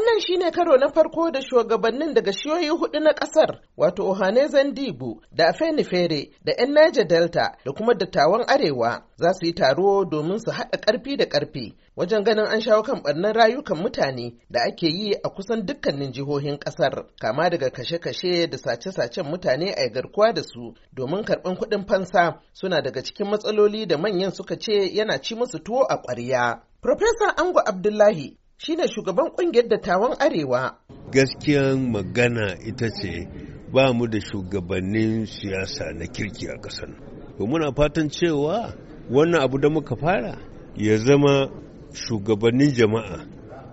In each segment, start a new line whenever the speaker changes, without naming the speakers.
Wannan shi ne karo na farko da shugabannin daga shiyoyi hudu na kasar wato Ohane Zandibu da Afenifere da 'yan Niger Delta da kuma dattawan Arewa za su yi taro domin su haɗa ƙarfi da ƙarfi wajen ganin an shawo kan ɓarnar rayukan mutane da ake yi a kusan dukkanin jihohin ƙasar kama daga kashe-kashe da sace-sacen mutane a garkuwa da su domin karɓan kuɗin fansa suna daga cikin matsaloli da manyan suka ce yana ci musu tuwo a ƙwarya. Profesa Ango Abdullahi shine shugaban kungiyar dattawan arewa
gaskiyan magana ita ce ba mu da shugabannin siyasa na kirki a ƙasar muna fatan cewa wannan abu da muka fara ya zama shugabannin jama'a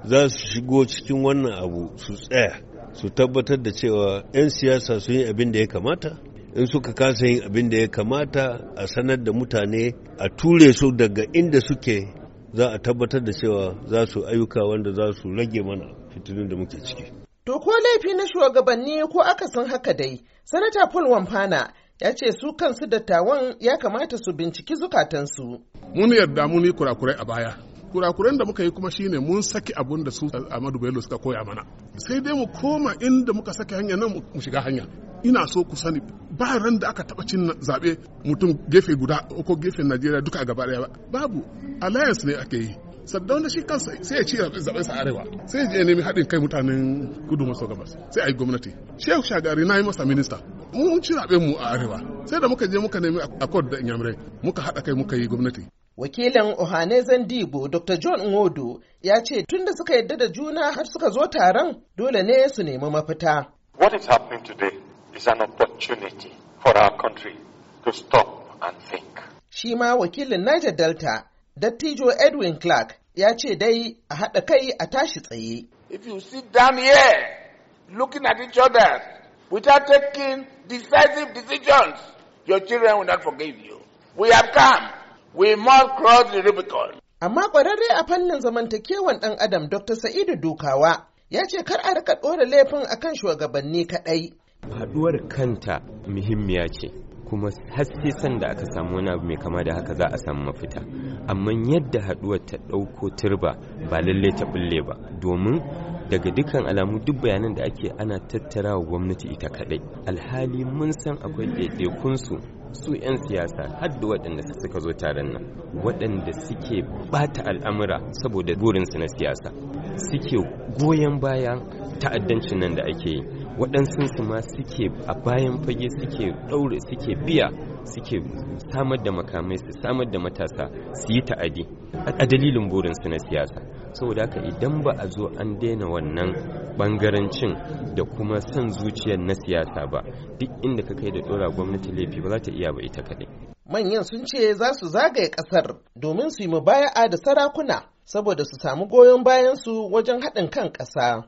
za su shigo cikin wannan abu su tsaya su tabbatar da cewa 'yan siyasa sun yi abin da ya kamata in suka kasa yin abin da ya kamata a sanar da mutane a ture su daga inda suke za a tabbatar da cewa za su ayyuka wanda za su rage mana fitinin da muke ciki.
To ko laifi na shugabanni ko aka san haka dai, Sanata Paul Wamfana ya ce su kansu dattawan ya kamata su binciki zukatansu. Mun yarda mun yi kurakurai a baya. Kurakuran da muka yi kuma shine mun saki abun da su Ahmadu Bello suka koya mana. Sai dai mu koma inda muka saka hanya nan mu shiga hanya. ina so ku sani ba ran da aka taɓa cin zaɓe mutum gefe guda ko gefen najeriya duka gaba ɗaya ba babu alliance ne ake yi saddam da shi kansa sai ya ci zaben sa arewa sai ya nemi haɗin kai mutanen kudu maso gabas sai a yi gwamnati shehu shagari na yi masa minista mun ci zaben mu a arewa sai da muka je muka nemi akord da inyamurai muka haɗa kai muka yi gwamnati wakilin Ohane Zandibo, dr john nwodo ya ce tun da suka yadda da juna har suka zo taron dole ne su nemi mafita what is happening today is an opportunity for our country to stop and think. Shi ma wakilin Niger Delta, Dattijo Edwin Clark, ya ce dai a haɗa kai a tashi tsaye. If you sit down here looking at each other without taking decisive decisions, your children will not forgive you. We have come. We must cross the Rubicon. Amma ƙwararre a fannin zamantakewan ɗan Adam Dr. Sa'idu Dukawa ya ce kar a rika ɗora laifin akan shugabanni kaɗai. haduwar kanta
muhimmiya ce kuma haske sai sanda aka samu wani abu mai kama da haka za a samu mafita amma yadda haduwar ta ɗauko turba ba lallai ta bulle ba domin daga dukkan alamu duk bayanan da ake ana tattara wa gwamnati ita kadai alhali mun san akwai ɗaiɗaikunsu su 'yan siyasa har waɗanda suka zo taron nan waɗanda suke bata al'amura saboda burinsu na siyasa suke goyon bayan ta'addancin nan da ake yi waɗansu su ma suke a bayan fage suke ɗaure suke biya suke samar da makamai su samar da matasa su yi ta'adi a dalilin burinsu na siyasa saboda haka idan ba a zo an daina wannan bangarancin da kuma son zuciyar na siyasa ba duk inda ka kai da ɗora gwamnati laifi ba za ta iya ba ita kaɗai
manyan sun ce za su zagaye ƙasar domin su yi mubaya'a da sarakuna saboda su samu goyon bayansu wajen haɗin kan ƙasa